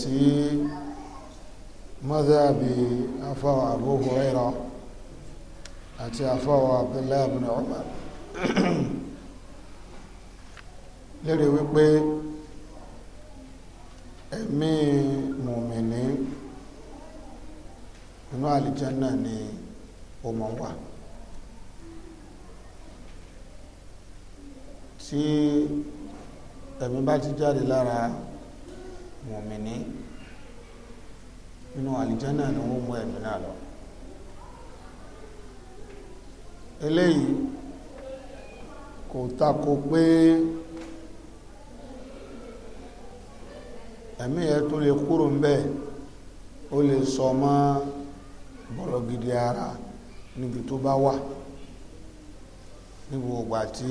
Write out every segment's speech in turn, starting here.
sí mọ́dàbí afáwọ̀ Abu Huraira àti afáwọ̀ Abdullahi ibn Umar lérí wípé ẹ̀mí mùmìnì inú àlìjánà ni ó mọ̀ wà tí ẹ̀mí bá ti jáde lára mùmíní nínú àlìjánà ni wọ́n mú ẹ̀mí náà lọ eléyìí kò tako pé ẹ̀mí yẹn tó lè kúrò ń bẹ́ẹ̀ ó lè sọ mọ́ bọ̀rọ̀ gidi ara níbi tó bá wà níbi ògbà tí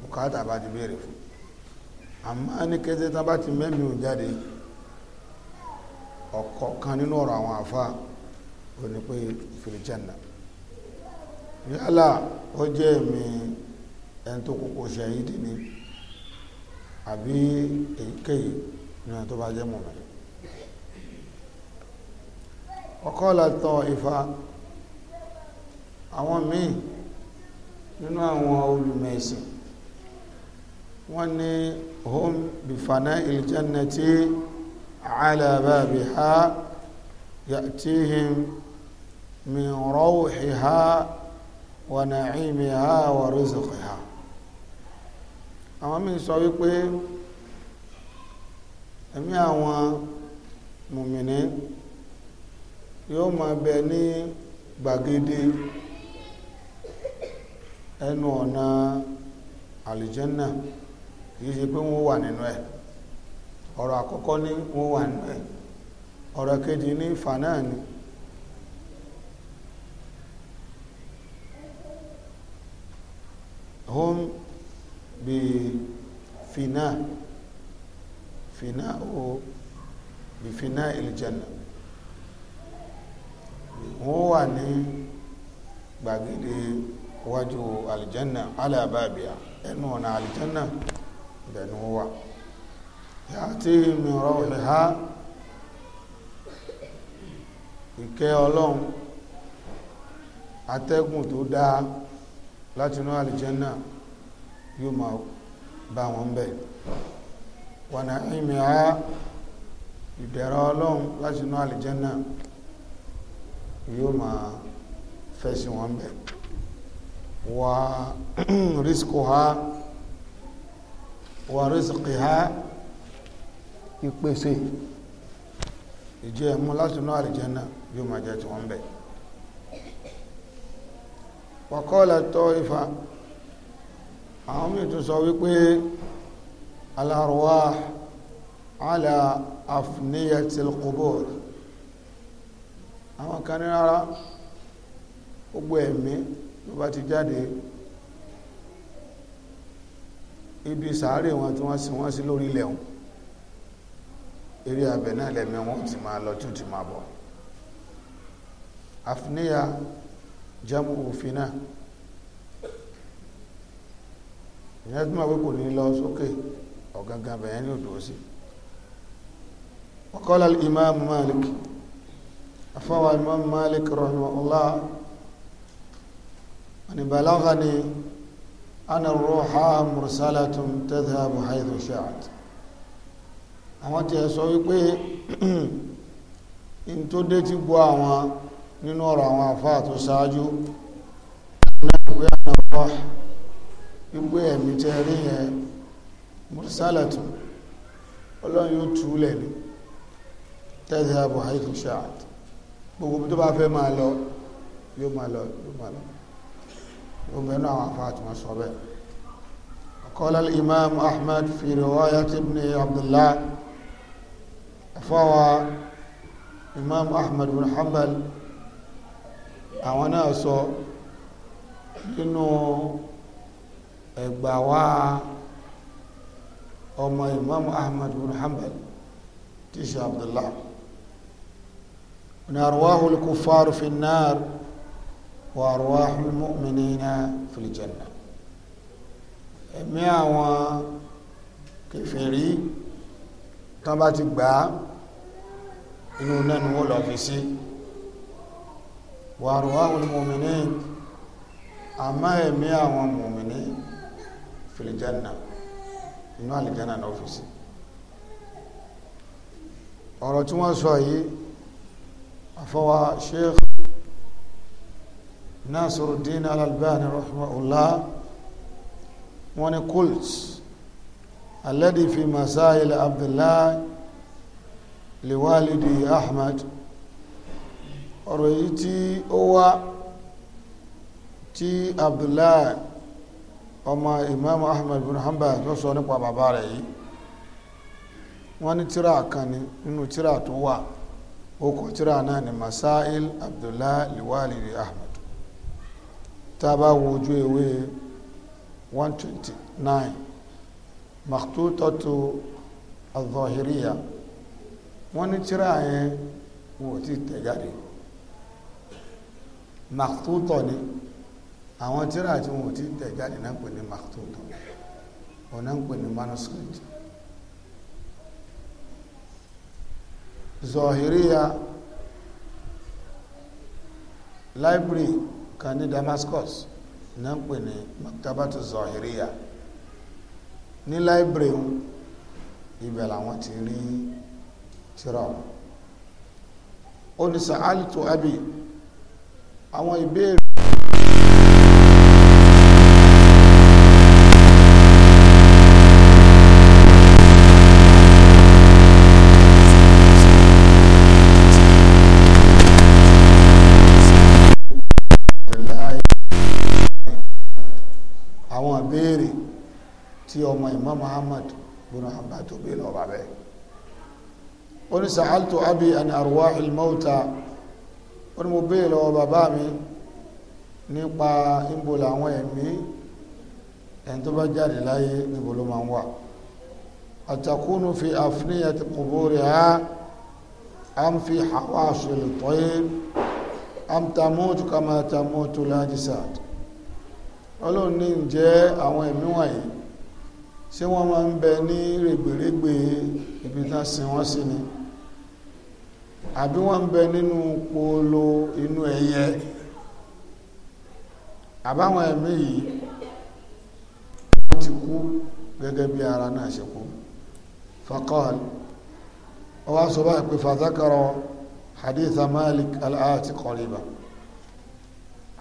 bùkátà bá ti béèrè fún àmọ́ ní kété tán bá ti mẹ́mí ò jáde ọ̀kọ̀ọ̀kan nínú ọ̀rọ̀ àwọn àfa ò ní pé fìlìjẹ́nà yálà ó jẹ́ èmi ẹni tó kókó ṣe yìí dì ní àbí èyíkéyìí nínú tó bá jẹ́ mọ̀mọ́lẹ́ ọkọ̀ làtọ̀ ìfa àwọn míì nínú àwọn olùmẹ̀sìn wọ́n ní هم بفناء الجنة على بابها يأتيهم من روحها ونعيمها ورزقها àwọn míì sọ wípé ẹ̀mí àwọn mùmìnì yóò máa bẹ ní gbàgede ẹnu ọ̀nà àlìjẹ́nà yìí ṣe pé wọ́n wà nínú ẹ̀ ọ̀rọ̀ àkọ́kọ́ ní wọ́n wà nínú ẹ̀ ọ̀rọ̀ kejì ní ìfà náà ni hum bi fina fina o bi fina ìlìjẹ̀nà wọ́n wà ní gbàgede wájú alìjẹ́nà alábàbíà ẹnu ọ̀nà alìjẹ́nà bẹ̀nu wà yàtí mi rọ̀hì ha ìkẹ́ ọlọ́run atẹ́gùn tó dáa látinú àlìjẹ́nà yóò máa bá wọn bẹ̀ wọ̀nà ìmì ha ìdẹ̀ra ọlọ́run látinú àlìjẹ́nà yóò máa fẹ́ sí wọn bẹ̀ wà rísíkò ha wàrísìkìhá ìpèsè ìjẹ́ ẹ̀mú láti inú àlìjẹ́nà yóò máa jẹ́ tí wọ́n bẹ̀. wàkọ́ọ̀lá tọ́ ifá àwọn mìí tún sọ wípé alárùwá ala afniyatil qubur àwọn kan ní rárá gbogbo ẹ̀mí ló bá ti jáde ibi sàárè wọn tí wọ́n sin wọ́n sí lórí ilẹ̀ wọn eré abẹ náà lẹ́mí wọn ti máa lọ tí ó ti máa bọ̀ àfiníyà jámù òfin náà ìyẹn tí máa kò ní lọ sókè ọ̀gangan bẹ̀yẹn ní òdò sí وقال الإمام مالك أفوى الإمام مالك رحمه الله أن بلغني أن الروح مرسلة تذهب حيث شاءت àwọn tí ẹ sọ wípé in tó dé ti gbọ́ àwọn nínú ọ̀rọ̀ àwọn àfáà tó ṣáájú wípé ànàbọ́ wípé ẹ̀mí tẹ rí yẹn mùsálàtù ọlọ́run yóò túlẹ̀ ní tẹ́sí àbò àìtò ṣáà gbogbo tó bá fẹ́ máa lọ yóò máa lọ yóò máa lọ obìnrin àwọn àfáà tí wọ́n sọ bẹ́ẹ̀ قال الإمام أحمد في رواية ابن عبد الله فهو إمام أحمد بن حنبل àwọn náà sọ nínú ẹgbà wá ọmọ imam ahmad bin hanbal tí ṣe abdullah ní arwahul kufaru fi náà وأرواح المؤمنين في الجنة ẹ̀mí àwọn kèfèrí tán bá ti gbà á inú nẹ́nu wọ́n lọ fi sí wa arwahul mu'minin àmọ́ ẹ̀mí àwọn mùmìnì fil janna inú àlìjánà náà fi sí ọ̀rọ̀ tí wọ́n sọ yìí àfọwà sheikh Nasiruddin al-Albani rahimahullah wọ́n ní kult alladhi fi masail Abdullah liwalidi Ahmad ọ̀rọ̀ èyí tí ó wá tí Abdullah ọmọ Imam Ahmad bin Hanbal tó sọ nípa bàbá rẹ̀ yìí wọ́n ní tíra kan ní nínú tíra tó wà ó kọ tíra náà ní masail Abdullah liwalidi Ahmad tá a bá wo ojú ewé one twenty nine makhtutatu al-zahiriya wọ́n ní tíra yẹn wò tí tẹ̀ jáde makhtutọ ni àwọn tíra tí wọ́n ti tẹ̀ náà pè ní makhtutọ wọn náà pè ní manuscript zahiriya library kan ní Damascus náà ń pè ní maktabatu zahiriya ní láìbírì wọn ibẹ̀ làwọn ti rí tírà wọn ó abi àwọn ìbéèrè ọmọ Imam Muhammad bin Hanbal tó gbé lọ́ba bẹ́ẹ̀ ó ní sàháltò abi àni arwahil mauta ó ní mo béè lọ́wọ́ bàbá mi nípa níbo làwọn ẹ̀mí ẹni tó bá jáde láyé níbo ló máa ń wà àtàkùnú fi àfníyàtì quburiha am fi hawasil tayr am tamutu kama tamutu al-ajsad ọlọ́run ní ǹjẹ́ àwọn ẹ̀mí wọ̀nyí ṣé wọ́n máa ń bẹ ní rẹ̀gbẹ̀rẹ̀gbẹ̀ ibi tán sin wọ́n sí ni àbí wọ́n ń bẹ nínú polo inú ẹyẹ àbáwọn ẹ̀mí yìí wọ́n ti kú gẹ́gẹ́ bí ara náà ṣe kú faqal ó wá sọ báyìí pé fàzákàrọ̀ hadith malik al-ati qariba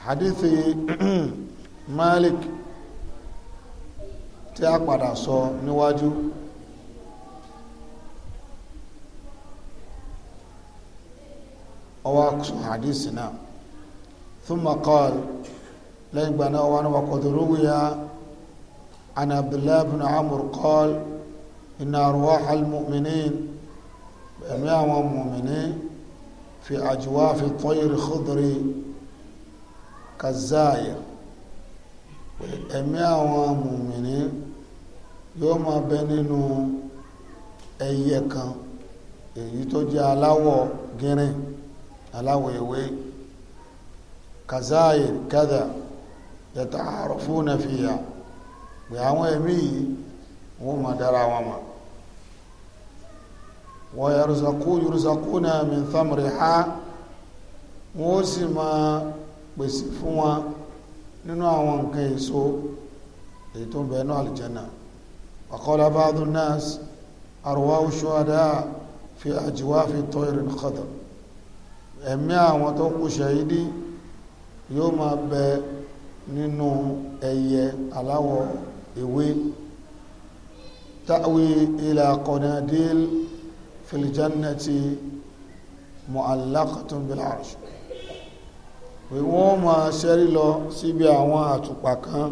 hadith malik tí a padà sọ níwájú ọwọ́ sọ hadisi náà thumma qal lẹ́yìn gbà náà wọn wà kọ̀dọ̀rọ̀ wíyá an abdullahi bin amur qal inna arwah al-mu'minin ẹ̀mí àwọn mu'minin fi ajwafi tayr khudri kazair ẹ̀mí àwọn mu'minin yóò máa bẹ nínú ẹyẹ kan èyí tó jẹ́ aláwọ̀ gírin aláwọ̀ ewé kazaayi kada yàtọ̀ àrọ̀ fún nàfíà pé àwọn ẹ̀mí yìí wọ́n máa dára wọn mọ̀ wọ́n yàrùsàkú yàrùsàkú náà min thamri ha wọ́n sì máa pèsè fún wọn nínú àwọn nǹkan èso èyí tó ń bẹ nínú àlìjẹ́nà وقال بعض الناس أرواح الشهداء في أجواف طير خضر ẹ̀mí àwọn tó kú ṣàhídì yóò máa bẹ nínú ẹyẹ aláwọ̀ ewé ta'wi ila qanadil fil jannati mu'allaqatun bil arsh wọ́n máa ṣẹ́rí lọ síbi àwọn àtùpà kan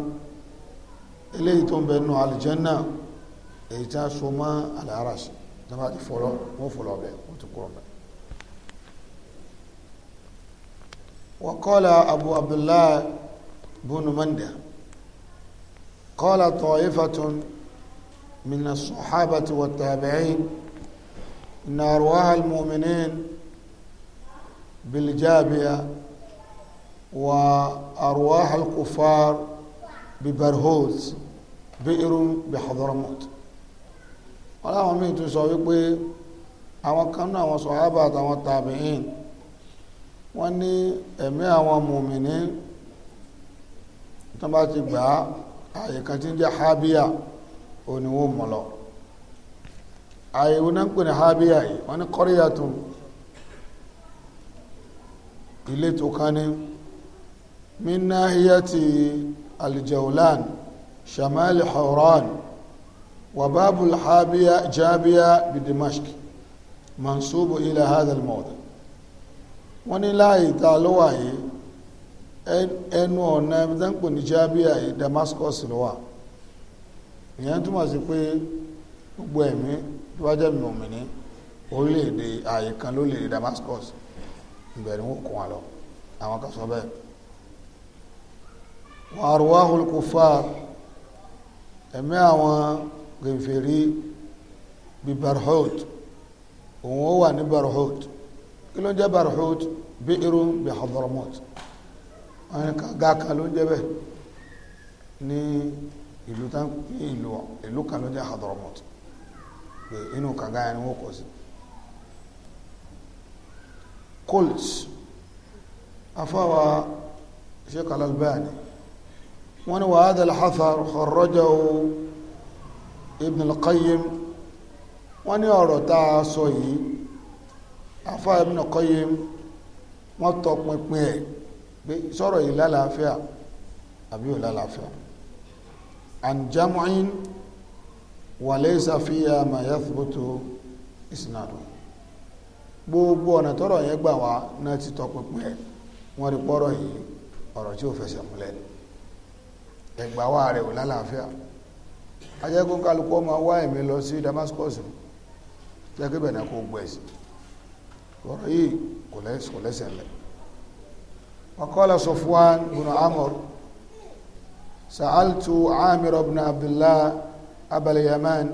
eléyìí tó ń bẹ nínú aljanna وقال أبو عبد الله بن مندى قال طائفة من الصحابة والتابعين إن أرواح المؤمنين بالجابية وأرواح الكفار ببرهوز بئر بحضرموت wọn láwọn míì tún sọ wípé àwọn kan náà àwọn sọ̀hábà àtàwọn tàbíìn wọ́n ní ẹ̀mí àwọn mùmìnì tó bá ti gbà á àyè kan tí ń jẹ́ hábíà òní wọ́n mọ̀ náà ń pè ní hábíà yìí wọ́n ní kọ́ríyàtún ilé tó kán ní min nahiyati aljawlan shamali hauran وباب الحابية جابية بدمشق منصوب إلى هذا الموضع wọ́n láàyè tá ló wà yìí ẹnu ọ̀nà ẹbí tó ń pè ní Jábíà yìí Damascus ló wà ìyẹn túmọ̀ sí pé gbogbo ẹ̀mí tó bá jẹ́ mọ̀mìnì orílẹ̀-èdè ààyè kan ló lè Damascus ìbẹ̀rẹ̀ wọn kún wa lọ àwọn kan sọ bẹ́ẹ̀ wàá rọwáhùn kò fà ẹ̀mí àwọn gẹ̀fẹ̀rí bí barhut òun ó wà ní barhut kí ló ń jẹ́ barhut bí irun bí hadramot wọn ni kàga kan ló ń jẹ́ bẹ́ẹ̀ ní ìlú tán ìlú ìlú kan ló ń jẹ́ hadramot pé inú kàga yẹn ni wọ́n sí colt afáwa sheikh al-albani wọ́n ni wàhádà al-hathar kharrajahu Ibn al-Qayyim wọ́n ní ọ̀rọ̀ tá a sọ yìí afa Ibn al-Qayyim wọ́n tọpinpin ẹ̀ pé sọ̀rọ̀ yìí lálàáfíà àbí ò lálàáfíà an jam'in wa laysa fiha ma yathbutu isnadu gbogbo ọ̀nà tọ́rọ̀ yẹn gbà wá náà ti tọpinpin ẹ̀ wọ́n rí pọ́rọ̀ yìí ọ̀rọ̀ tí ò fẹsẹ̀ múlẹ̀ ẹgbàá wa rẹ̀ ò lálàáfíà. La ajẹ́kùn kálukú ọmọ wá ẹ̀mí lọ sí Damascus jẹ́kẹ́bẹ̀ náà kó gbẹ̀sì ọ̀rọ̀ yìí kò lẹ́sẹ̀ lẹ̀ ọkọ́lá Sofwan bin Amr sa'altu Amir ibn Abdullah abal Yaman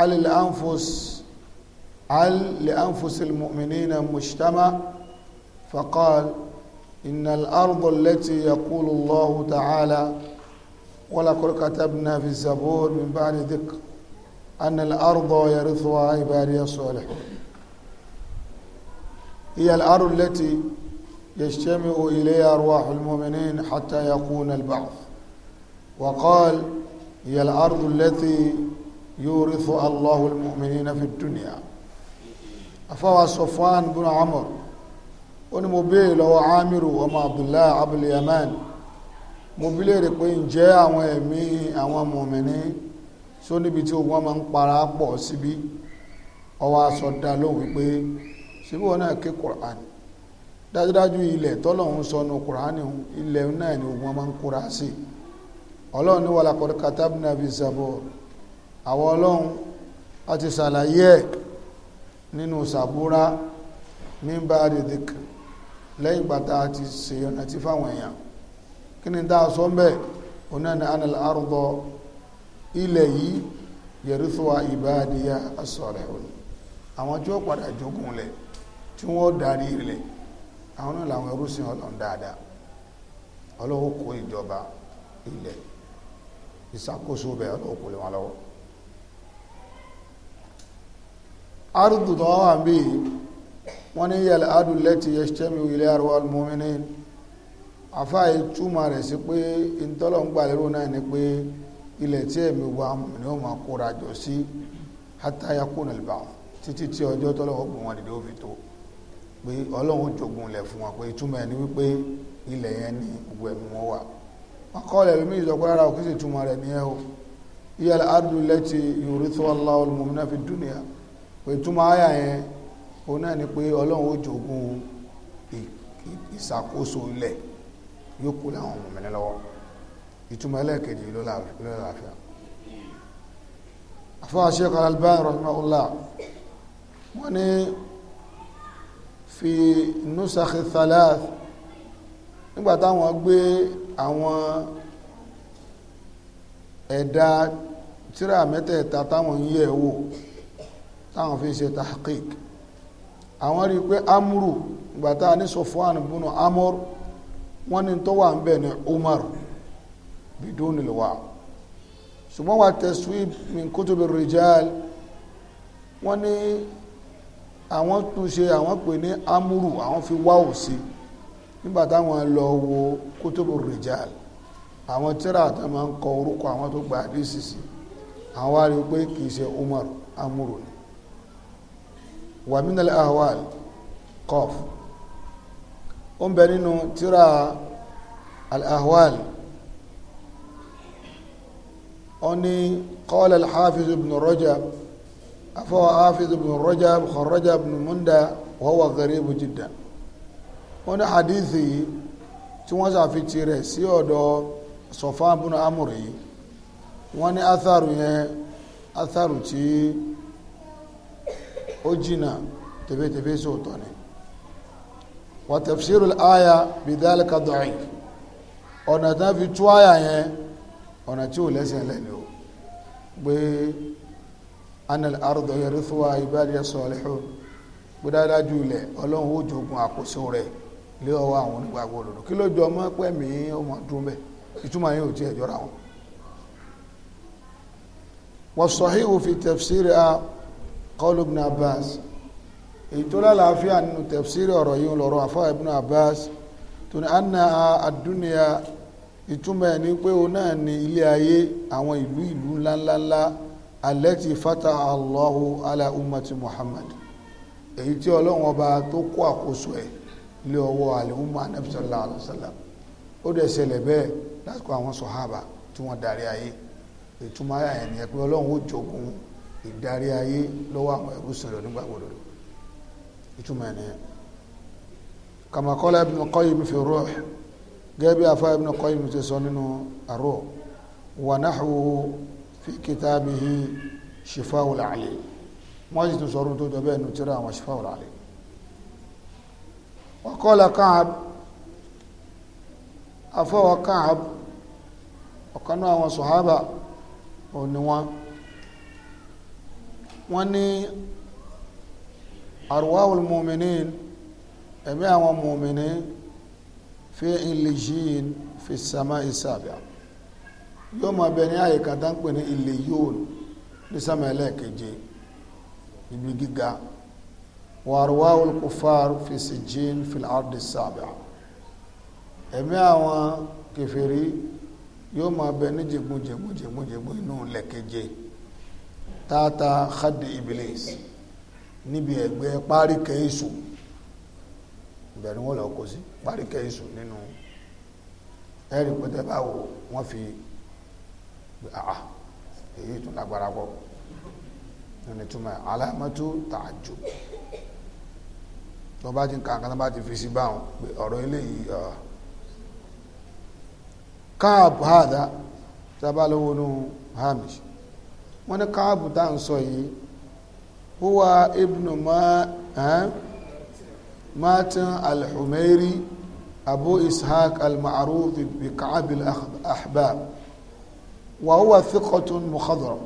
alil anfus al li anfus al-mu'minina mujtama faqal ولقد كتبنا في الزبور من بعد ذكر أن الأرض يرثها عبادي الصالح هي الأرض التي يجتمع إليها أرواح المؤمنين حتى يكون البعث وقال هي الأرض التي يورث الله المؤمنين في الدنيا أفوى صفوان بن عمر ونمبيل وعامر عامر وما عبد الله عبد اليمان mo bi léèrè pé ǹjẹ́ àwọn ẹ̀mí àwọn mọ̀mìnì só níbi tí ogun ọmọ ń para pọ̀ síbí ọwọ́ aṣọ dá lóhùn wípé síbí wọn náà ké Qur'an dájúdájú ilẹ̀ tọ́lọ́hún sọnù Qur'an ilẹ̀ náà ni ogun ọmọ ń kóra sí ọlọ́run ní walaqad katabna fi zabur àwọn ọlọ́run a ti ṣàlàyé ẹ̀ nínú sàbúrà mímbà rìdík lẹ́yìn bàtà àti ṣèyànnà tí fáwọn èèyàn kí ni dáa sọ ń bẹ̀ ọ̀nà ni anil arúgbọ ilẹ̀ yìí yẹrìsọ́wà ìbáadìyà asọ̀rẹ̀ òní àwọn tí ó padà jogun lẹ̀ tí wọ́n darí ilẹ̀ àwọn náà làwọn ẹrú sí ọlọ́run dáadáa ọlọ́wọ́ kó ìjọba ilẹ̀ ìṣàkóso bẹ̀ ọlọ́wọ́ kó lè wọn lọ́wọ́ arúgbù tó wà ń bí wọ́n ní yẹ̀lẹ̀ adùn lẹ́tì yẹ àfáàyè túmọ̀ rẹ̀ sí pé ìtọ́lọ̀ ń gbà lérò náà ni pé ilẹ̀ tí ẹ̀mí wa ni ó máa kóra jọ sí hátayá kó nà lùbà títí tí ọjọ́ tọ́lọ̀ ó bùn wọn dìde ó fi tó pé ọlọ́run jogun fún wọn pé ẹ̀ ni wípé ilẹ̀ yẹn ni gbogbo ẹ̀mí wọn wà wọn kọ́ lómi ìsọ̀kọ́ rárá òkè o iye ardu lẹ́tì ni yóò kú láwọn mọ̀mọ́ni lọ́wọ́ ìtumọ̀ ẹlẹ́ẹ̀kejì ló láàfíà afọ́ Sheikh Al-Albani rahimahullah wọ́n ní fi nusakhi thalath nígbà táwọn gbé àwọn ẹ̀dà tíra mẹ́tẹ̀ẹ̀ta táwọn yẹ̀ wò táwọn fi ṣe tahqiq àwọn rí i pé amúrù nígbà ní Sofwan bunu amúrù wọ́n ní tó wà ń bẹ̀ ní Umar bidonil wa ṣùgbọ́n wà taswib min kutubi rijal wọ́n ní àwọn tún ṣe àwọn pè ní amúrù àwọn fi wá òsì nígbà táwọn lọ wo kutubi rijal àwọn tíra àti máa kọ orúkọ àwọn tó gba àdísì sí àwọn wá rí pé kì í ṣe Umar amúrù ni wàmínàlẹ́ ahwal kọfù ó ń bẹ nínú tíra al-ahwal ó ní qala al-hafiz ibn rajab afọ́ hafiz ibn rajab kharaja ibn munda wa huwa gharibu jiddan ó ní hadithi tí wọ́n sàfitì rẹ̀ sí ọ̀dọ̀ Sufyan ibn amúrè yìí wọ́n ní atharu yẹn atharu tí ó jìnnà tẹ́fẹ́tẹ́fẹ́ sóòtọ́ ni wa tafsiru aya bidhalika da'if ọ̀nà tí wọ́n fi tú àyà yẹn ọ̀nà tí ò lẹ́sẹ̀ lẹ́nu o pé anil ardo yarithuwa ibadiya salihun pé dáadájú ilẹ̀ ọlọ́run ó jogun àkóso rẹ̀ lé ọwọ́ àwọn onígbàgbọ́ òdodo kí ló jọ ọmọ pẹ̀mí ọmọ dúró bẹ́ẹ̀ ìtumọ̀ yẹn ò tiẹ̀ jọra wọn. wa sahihu fi tafsiri a qawlu ibn èyí tó lálàáfíà nínú tafsiri ọ̀rọ̀ yìí lọ́rọ̀ àfọ́ ibn Abbas tó ní anna ad-dunya ìtumọ̀ ẹ̀ ní pé o náà ní ilé ayé àwọn ìlú ìlú ńláńláńlá allati fataha Allahu ala ummati Muhammad èyí tí ọlọ́run ọba tó kó àkóso ẹ̀ lé ọwọ́ al-umma anabi ó dẹ̀ ṣẹlẹ̀ bẹ́ẹ̀ lásìkò àwọn sọ̀hábà tí wọ́n darí ayé ìtumọ̀ ayà ẹ̀ nìyẹn pé ọlọ́run ó jogun ìdarí ayé lọ́wọ́ àwọn ẹrú sìn nígbàgbọ́dọ̀ ìtumọ̀ ẹ̀ nìyẹn kama qala Ibn Qayyim fi Ruh gẹ́bí afá Ibn Qayyim ti sọ nínú àrò wa nahwuhu fi kitabihi Shifa'ul Alim wọ́n sì tún sọ̀rọ̀ tó jọ bẹ́ẹ̀ nù tíra àwọn Shifa'ul Alim wa qala Ka'b afọ́wọ́ Ka'b ọ̀kanú àwọn sọ̀hábà òní wọn wọ́n ní arwahul muminin ẹ̀mí àwọn mumini fi illiyin fi sama isabiya yóò máa bẹ ní àyíká tá ń pè ní illiyin ní sama ẹlẹ́ẹ̀keje ibi gíga wa arwahul kufar fi sijin fi ardi sabiya ẹ̀mí àwọn kèfèrí yóò máa bẹ ní jẹgbọn jẹgbọn jẹgbọn jẹgbọn inú lẹ́keje tata khadi iblis níbi ẹ̀gbẹ́ páríkẹ́ èso ìbẹ̀rù wọn lọ kó sí páríkẹ́ èso nínú ẹ̀rí pẹ́tẹ́ báwo wọ́n fi àà èyí tún lágbára pọ̀ nínú ìtumọ̀ alámọ́tò tààjò tó bá ti ń kankan tó bá ti fi sí báwọn pé ọ̀rọ̀ eléyìí káàbù hàdá tábàlówó nù hamish wọ́n ní káàbù tá à ń sọ yìí huwa ibnu ma matin al-humairi abu ishaq al-ma'ruf bi ka'ab al-ahbab wa huwa thiqatun mukhadram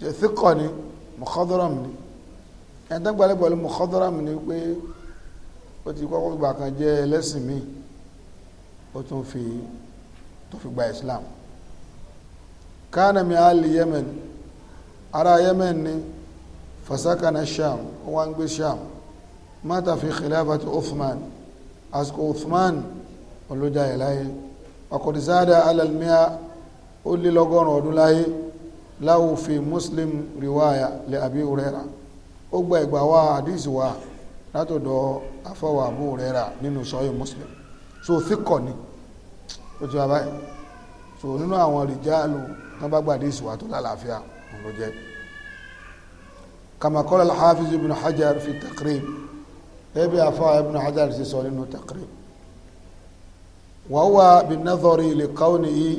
je thiqa ni mukhadram ni en tan gbale gbale mukhadram ni pé ó ti kọ́kọ́ gbà kan jẹ́ ẹlẹ́sìn mi ó tún fi tó fi gba islam kana mi yemen ará yemen ni fasakana sham ó wá ń gbé sham mata fi khilafati uthman àsìkò uthman olójà yẹ láyé akọ̀dísáàdà alalmiya ó lé lọ́gọ́rùn ọdún láyé láwù fi muslim riwaya lè àbí urẹ́ra ó gba ìgbà wa àdísì wa látọ̀dọ̀ afọwà àbú urẹ́ra nínú sọ́yìn muslim so fíkọ̀ ni ó ti wá báyìí so nínú àwọn rìjálù tán bá gbàdísì wa tó lálàáfíà òun ló jẹ́ كما قال الحافظ ابن حجر في التقريب ابي عفاء ابن حجر في سنن التقريب وهو بالنظر لكونه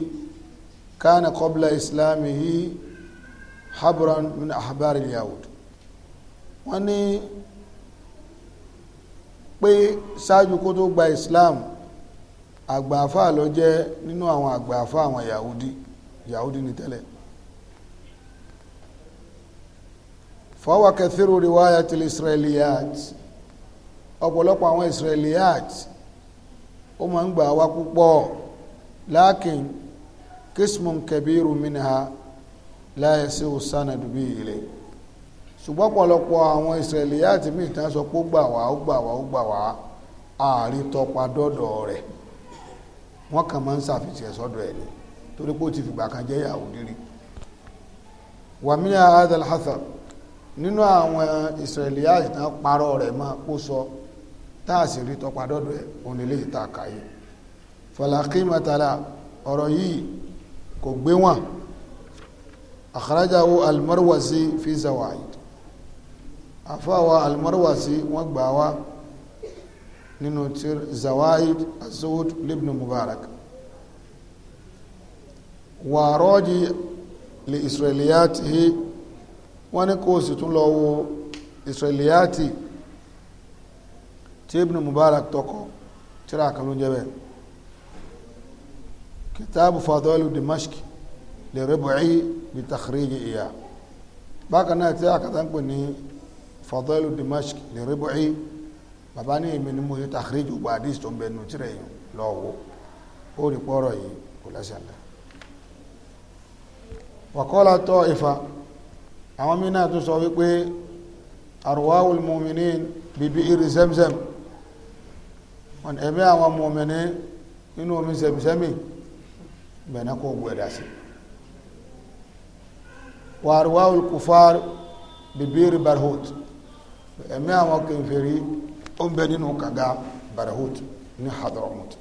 كان قبل إسلامه حبرا من أحبار اليهود wọ́n ní pé ṣáájú kó tó gba Islam àgbààfà ló jẹ́ nínú àwọn àgbààfà àwọn Yahudi Yahudi ní tẹ́lẹ̀ fọwọ́ kẹfìrú riwaya til israeliyat ọ̀pọ̀lọpọ̀ àwọn israeliyat ó máa ń gbà wá púpọ̀ lákìn kismun kabiru minha la yasiu sanadu bi ilẹ̀ ṣùgbọ́n ọ̀pọ̀lọpọ̀ àwọn israeliyat mi ìtàn sọ pé ó gbà wá ó gbà wá ó gbà wá ààrin tọpa dọ́dọ̀ rẹ̀ wọ́n kàn máa ń ṣàfihàn sọ́dọ̀ ẹ̀ ni torí pé ó ti fìgbà kan jẹ́ Yahudi rí wàmílẹ̀ adal nínú àwọn israelites náà parọ́ rẹ̀ mọ́ kó sọ táàsì rí tọpadọ́dọ̀ ẹ̀ onílé ìtàkàyè falaki matala ọ̀rọ̀ yìí kò gbé wọn àkàrájáwó almarwasi fi zawaid àfáwà almarwasi wọ́n gbà wá nínú tir zawaid azud libn mubarak wà rọ́jì li israeliyatihi wọ́n ní kó o sì tún lọ wo israeliyati tí ibn mubarak tọkọ tíra kan ló ń jẹ́ bẹ́ẹ̀ kitabu fadọ́lù dimashq lè rẹ́bùcí bí takhriji ìyá bákan náà tí a kàtà ń pè ní fadọ́lù dimashq lè rẹ́bùcí bàbá ní èmi ni mo yẹ takhriji gbogbo àdìs tó ń bẹ nù tíra yìí lọ́wọ́ ó rí pọ́rọ̀ yìí kò lẹ́sẹ̀ lẹ́ wàkọ́lá tọ́ ifá àwọn mìíràn tún sọ wípé arwahul mu'minin bíbí irin zemzem wọn ẹ̀mí àwọn mu'mini nínú omi zemzemi bẹ̀rẹ̀ kó gbẹ̀dà sí wa arwahul kufar bíbí irin barhut ẹ̀mí àwọn kèfèrí ó ń bẹ nínú kàga barhut ní hadramut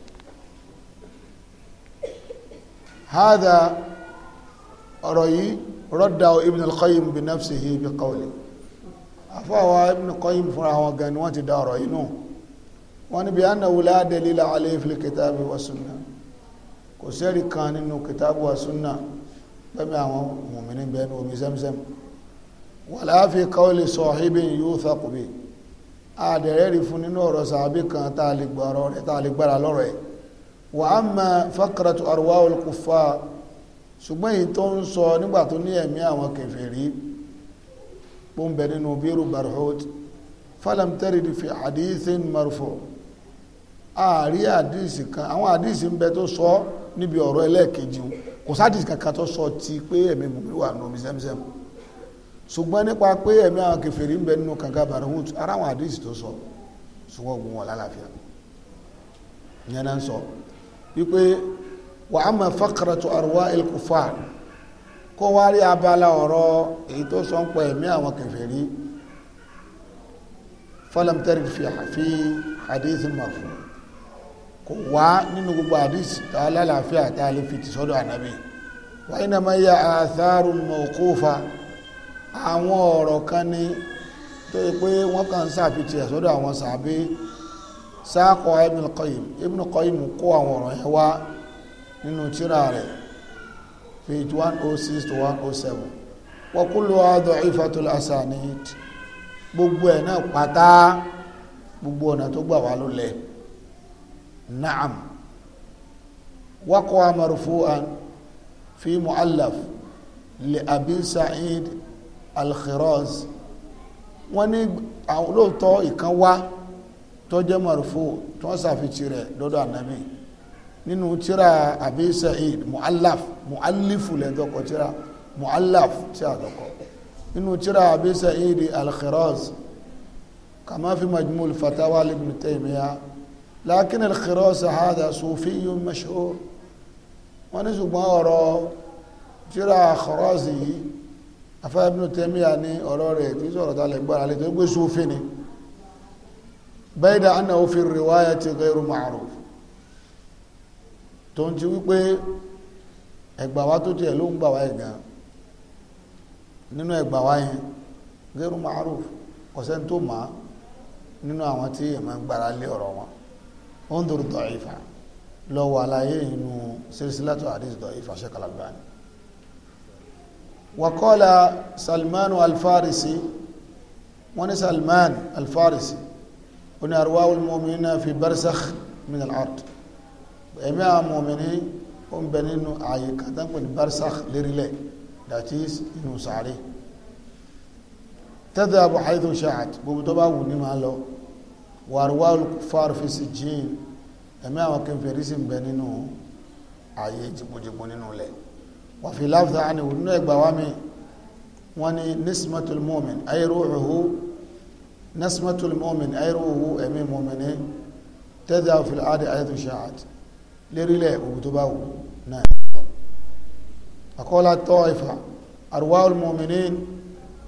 hada ọ̀rọ̀ yìí rọ́dà ibn al-qayyim bi nafsihi bi qawli afọ́wà ibn al-qayyim fúnra wọn gan ni wọ́n ti dá ọ̀rọ̀ inú wọ́n ni bí a náà wùlá dalila alayhi fil kìtàbí wa sunna kò sẹ́rì kan nínú kìtàbí wa sunna pẹ́mẹ́ àwọn mùmìnì bẹ́ẹ̀ ní omi sẹ́msẹ́m wala fi qawli sahibin yuthaqu bi rí fún nínú ọ̀rọ̀ sàábì kan tá lè gbára lọ́rọ̀ ẹ̀ wa fakratu arwahul kuffar ṣùgbọ́n èyí tó ń sọ nígbà tó ní ẹ̀mí àwọn kèfèrí bó ń bẹ nínú bírù barhud falam tẹ́rìdì fi àdíṣin marfo ààrí àdíṣì kan àwọn àdíṣì ń bẹ tó sọ níbi ọ̀rọ̀ ẹlẹ́ẹ̀kejì kò sádìsì kankan tó sọ ti pé ẹ̀mí mùmí wà nù mìsẹ́mìsẹ́m ṣùgbọ́n nípa pé ẹ̀mí àwọn kèfèrí ń bẹ nínú ara àwọn tó sọ ṣùgbọ́n wọn lálàáfíà náà ń sọ wà á mọ̀ fakaratu arwa ilkufa kó wá rí abala ọ̀rọ̀ èyí tó sọ ń pọ̀ ẹ̀mí àwọn kèfèrí falam tarik fi hafi hadith mafu kò wá nínú gbogbo hadith tá a lálàáfíà tá a lè fi ti sọ́dọ̀ ànábì wà iná máa yà àtharu mawqufa àwọn ọ̀rọ̀ kan ní tó yẹ pé wọ́n kàn ń sàfitì ẹ̀ sọ́dọ̀ àwọn sàbí sáàkọ̀ ibn Qayyim ibn Qayyim kó àwọn ọ̀rọ̀ yẹn wá nínú tírà rẹ̀ page 106 to 107 wa kullu da'ifatul asanid gbogbo ẹ̀ náà pátá gbogbo ọ̀nà tó gbà wá ló lẹ̀ na'am waqa'a marfu'an fi mu'allaf li abi sa'id al-khiraz wọ́n ní lóòótọ́ ìkan wá tó jẹ́ marfu tó ń rẹ̀ lọ́dọ̀ ànábì nínú tíra Abi Sa'id mu'allaf mu'allifu lẹ́jọ́kọ̀ tíra mu'allaf tí a dọ̀kọ̀ nínú tíra Abi Sa'id al-Khiraz kama fi majmul fatawa ibn Taymiyyah lakin al-Khiraz hada sufiyyun mashhur wọ́n ní ṣùgbọ́n ọ̀rọ̀ tíra Khiraz yìí afẹ́ ibn Taymiyyah ní ọ̀rọ̀ rẹ̀ tí sọ̀rọ̀ ta lè gbára lè tó gbé Sufi ni bayda annahu fi riwayati ghayru ma'ruf tó ń ti wípé ẹgbà wa tó tiẹ̀ ló ń gbà wá ẹ̀gá nínú ẹgbà wa yẹn gẹ́rù márùn kọ̀sẹ́ tó mà á nínú àwọn tí èèmọ̀ ń gbára lé ọ̀rọ̀ wọn ó ń dòrò dọ̀ìfà lọ́wọ́ àlàyé inú sírísílátò àdìs dọ̀ìfà ṣẹ́kàlà gbani wakọ́lá salmanu alfarisi wọ́n ní salman alfarisi ó ní arwahul mu'minina fi barzakh min al-ard ẹ̀mí àwọn mọ̀mìnì ó ń bẹ nínú ààyè kan tán pè ní barsakh lérílẹ̀ that is inú sàárè tadhabu haythu sha'at gbogbo tó bá wù ní máa lọ wàrúwà kuffar fi sijjin ẹ̀mí àwọn kèfèrí sì ń bẹ nínú ààyè jìgbòjìgbò nínú ilẹ̀ wa fi láfíà àni òdúnú ẹgbà wá mi wọ́n ní nismatul mu'min ay ruhuhu nismatul mu'min ay ruhuhu ẹ̀mí mu'mini tadhabu fil 'adi haythu lérílẹ̀ òwú tó bá wù náà àkọ́lá taifa arwahul mu'minin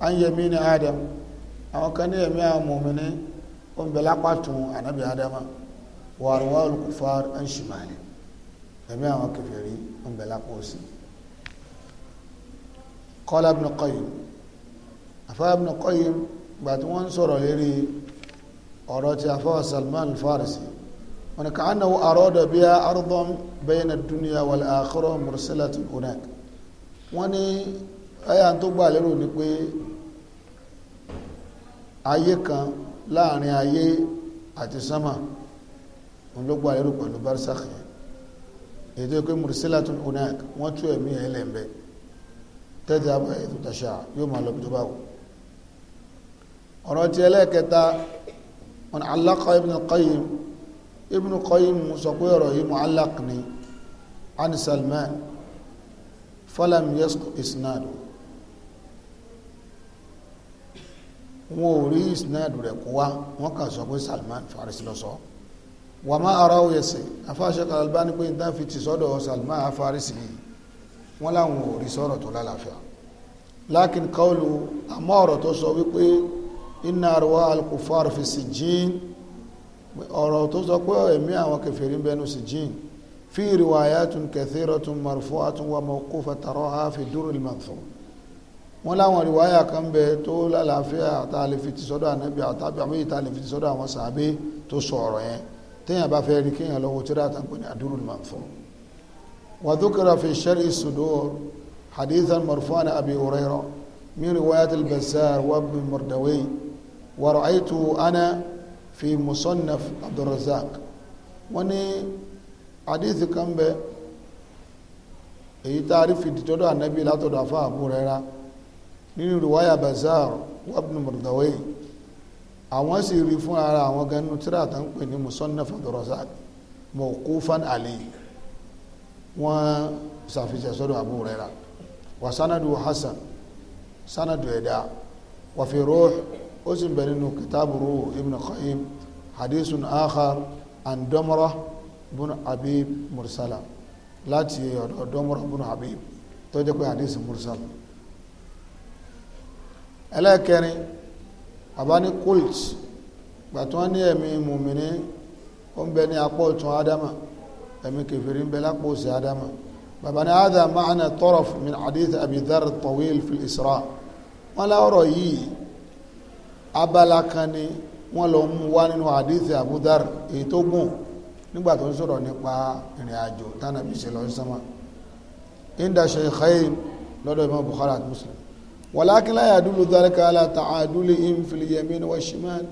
an yamini adam àwọn kan ní ẹ̀mí àwọn mu'minin ó ń bẹ lápá tún ànábì adama wà arwahul kufar an shimali ẹ̀mí àwọn kèfèrí ó ń bẹ lápá òsì qala ibn àfáà ibn qayyim gbà wọ́n ń sọ̀rọ̀ lérí ọ̀rọ̀ ti àfáà salman farisi wọn kà án náà àrọ́dọ̀ bí i arúgbọ́n bẹ́yìn dúnìyà wà láàkọ́rọ̀ mùsùlùmí onak wọ́n ní ẹ̀yà tó gbà lérò ni pé ayé kan láàrin ayé àti sánmà wọn ló gbà lérò pẹ̀lú barisakhi ètò ìpé mùsùlùmí onak wọ́n tú ẹ̀mí ẹ̀ lẹ́m̀bẹ́ tẹ́tẹ́ àbáyé tó tàṣà yóò máa lọ bí tó bá wù ọ̀rọ̀ ti ẹlẹ́ẹ̀kẹta wọn alákọ̀ọ́ ibn al-Qayyim Ibn Qayyim sọ pé ọ̀rọ̀ yìí mu'allaq ni an Salman falam yasqu isnadu wọn ò rí isnadu rẹ̀ kó wá wọ́n kà sọ pé Salman Farisi lọ sọ wà má ara ó yẹsẹ̀ afáṣẹ kalalba ni pé nǹkan fi ti sọ́dọ̀ Salman Farisi yìí wọ́n láwọn ò rí sọ̀rọ̀ tó lálàáfíà lakin qawlu àmọ́ ọ̀rọ̀ tó sọ wípé inna arwa al-kufar fi sijjin ọ̀rọ̀ tó sọ pé ẹ̀mí àwọn kèfèrí bẹnu sí jìn fi riwayatun kathiratun marfu'atun wa mawqufatan taraha fi durril manthur wọ́n láwọn riwaya kan bẹ tó lálàáfíà àtàlẹ́fi ti sọ́dọ̀ ànábì àtàbí àmì ìtàlẹ́fi ti sọ́dọ̀ àwọn sàábé tó sọ ọ̀rọ̀ yẹn téèyàn bá fẹ́ rí kéèyàn lọ́wọ́ tí dáa tán pé ní ad-durrul manthur وذكر في شرع الصدور حديثا مرفوعا ابي هريره من روايه البزار وابن المردوي ورايته انا fi musannaf abdulrazak wọ́n ní àdíìsì kan bẹ èyí tá a rí fìdí tọ́dọ̀ ànábì látọ̀dọ̀ afá àbúrẹ́ra nínú riwaya bazar wabnu murdawai àwọn sì rí fún ara àwọn ganu tíra tó ń pè ní musannaf abdulrazak mawqufan alayhi wọ́n ṣàfihàn sọ́dọ̀ àbúrẹ́ra wa sanadu hasan sanadu ẹ̀dá wa fi ruh ó sì bẹ̀ nínú kìtàbùrú ibn qayyim hadithun akhar an domra bin habib mursala láti ọ̀dọ̀ domra bin habib tó jẹ́ pé hadith mursal ẹlẹ́kẹrin àbáni kult gbàtún ní ẹ̀mí mùmìnì ó ń bẹ ní apá ọ̀tún ádámà ẹ̀mí kẹfìrí ń bẹ lápò òsì ádámà bàbá ní ádá máa ń tọrọ min hadith abidhar tawil fil isra wọn láwọrọ yìí abala kan ni wọ́n lọ mú wá nínú hadith Abu Dar èyí tó gùn nígbà tó ń sọ̀rọ̀ nípa ìrìn àjò tánàbí ṣe lọ sí sánmà inda shaykhayn lọ́dọ̀ Imam Bukhari àti Muslim walakin la yadullu dhalika ala ta'adulihim fil yamin wa shimal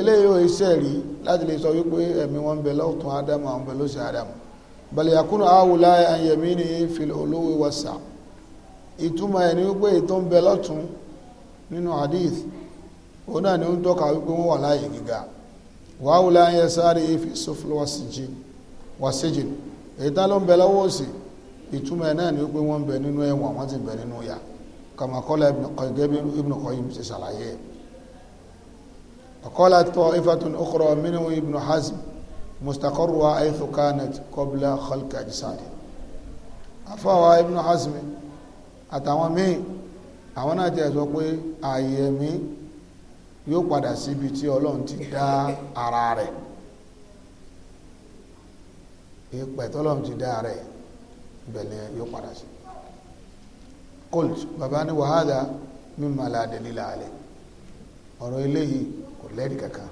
eléyìí ò iṣẹ́ rí láti lè sọ wípé ẹ̀mí wọn ń lọ́tún ádámù àwọn bẹ lóṣì ádámù bal yakunu ha'ula'i an yaminihi fil uluwi was-sa'a ìtumọ̀ ẹ̀ ni wípé ètò ń bẹ lọ́tún nínú hadith òun náà ni ó ń tọ́ka wípé wọ́n wà láàyè gíga wàhùn láyé sáré ife sọfúnlọ wàsíjì èyítá ló ń bẹ lọ́wọ́ òsì ìtumọ̀ ẹ̀ náà ni wípé wọ́n ń bẹ nínú ẹ̀wọ̀n wọ́n ti bẹ nínú yà kàmàkọ́lá ibn Qayyim ti ṣàlàyé ẹ̀ ọ̀kọ́lá tọ́ ifatun ukhra minhu ibn Hazm mustaqarruha haythu kanat qabla khalqi ajsadi afọ́wà ibn Hazm àtàwọn míì àwọn náà ti ẹ̀ sọ pé ààyè ẹ̀mí yóò padà síbi tí ọlọ́run ti dá ara rẹ̀ ìpẹ̀ tọ́lọ́run ti dá ara rẹ̀ bẹ̀lẹ̀ yóò padà sí colt baba ni wàhálà mímọ̀ aládẹ́lélà alẹ́ ọ̀rọ̀ eléyìí kò lẹ́rì kankan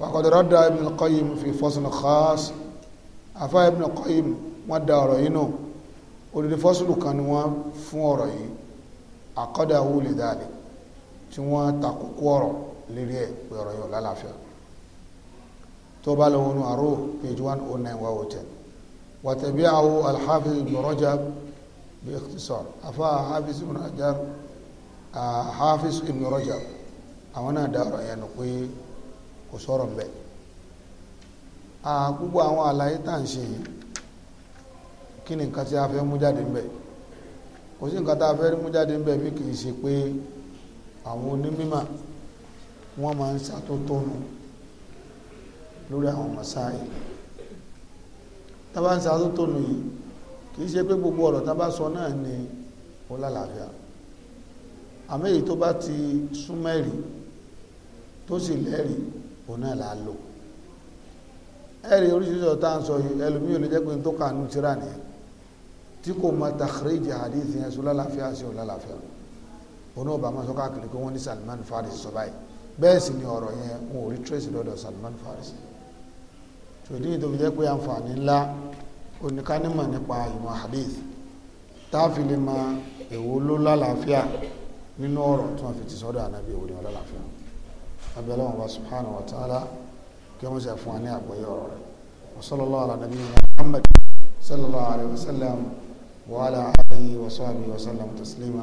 wakọ̀dọ̀rọ̀dà Ibn Qayyim fi faslun khas afá Ibn Qayyim wọ́n da ọ̀rọ̀ yìí nù olùdí faslun kan ni wọ́n fún ọ̀rọ̀ yìí àkọ́dà wúlì dáadìí tí wọ́n takòkó ọ̀rọ̀ lérí ẹ̀ pé ọ̀rọ̀ yóò lálàáfíà tó bá lọ́wọ́ nù àrò page one oh nine one oh ten wàtẹ̀bí àwọ alhafiz ibn rajab bí ikhtisar afa hafiz ibn hajar hafiz ibn rajab àwọn náà dá ọ̀rọ̀ yẹn nù pé kò sọ̀rọ̀ mbẹ́ gbogbo àwọn àlàyé tá à ń ṣe yìí kí ni nǹkan tí a fẹ́ mú jáde mbẹ́ kò sí nǹkan tá a fẹ́ mú jáde mbẹ́ bí kì í ṣe pé àwọn onímímà wọ́n máa ń ṣàtótónu lórí àwọn masáyì tábà ń ṣàtótónu yìí kìí ṣe pé gbogbo ọ̀rọ̀ tábà sọ náà ni ó lálàáfíà àmì èyí tó bá ti súnmẹ́rì tó sì lẹ́rì òun náà là á lò ẹ̀rì oríṣiríṣi ọ̀tá ń sọ yìí ẹlòmíì ò jẹ́ pé tó kà nù tíra nìyẹn tí kò mọ tàkìrìjì àdìsí yẹn sọ sí ò oní ọba máa sọ káàkiri pé wọ́n ní Salman Faris sọ báyìí bẹ́ẹ̀ sì ni ọ̀rọ̀ yẹn wọn ò rí trace lọ́dọ̀ Salman Faris tòdí ìdòwì jẹ́ pé àǹfààní ńlá oníkanímọ̀ nípa ìmọ̀ hadith táàfin lè mọ èwo ló lálàáfíà nínú ọ̀rọ̀ tí wọ́n fi ti sọ́dọ̀ ànábì èwo ni wọ́n lálàáfíà abẹ́lẹ́ wọn bá subhanahu wa ta'ala kí wọ́n sì fún wa ní àgbọ́yé ọ̀rọ̀ rẹ̀ wa sallallahu ala nabiyyina Muhammad sallallahu alaihi wa sallam wa ala alihi wa sahbihi wa sallam taslima.